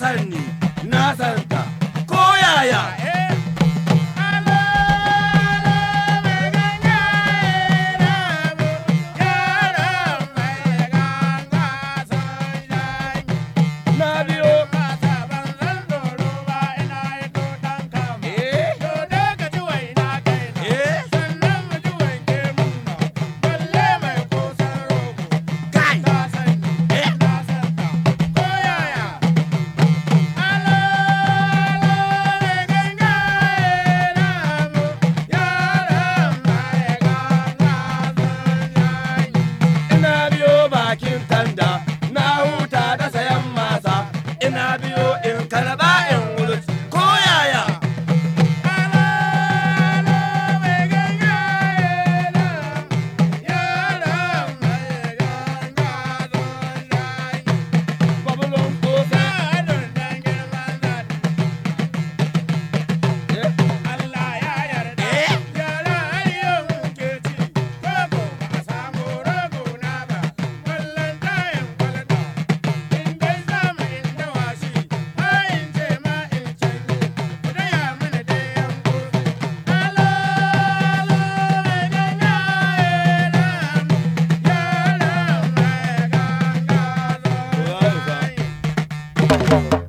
na san ni na san Thank you.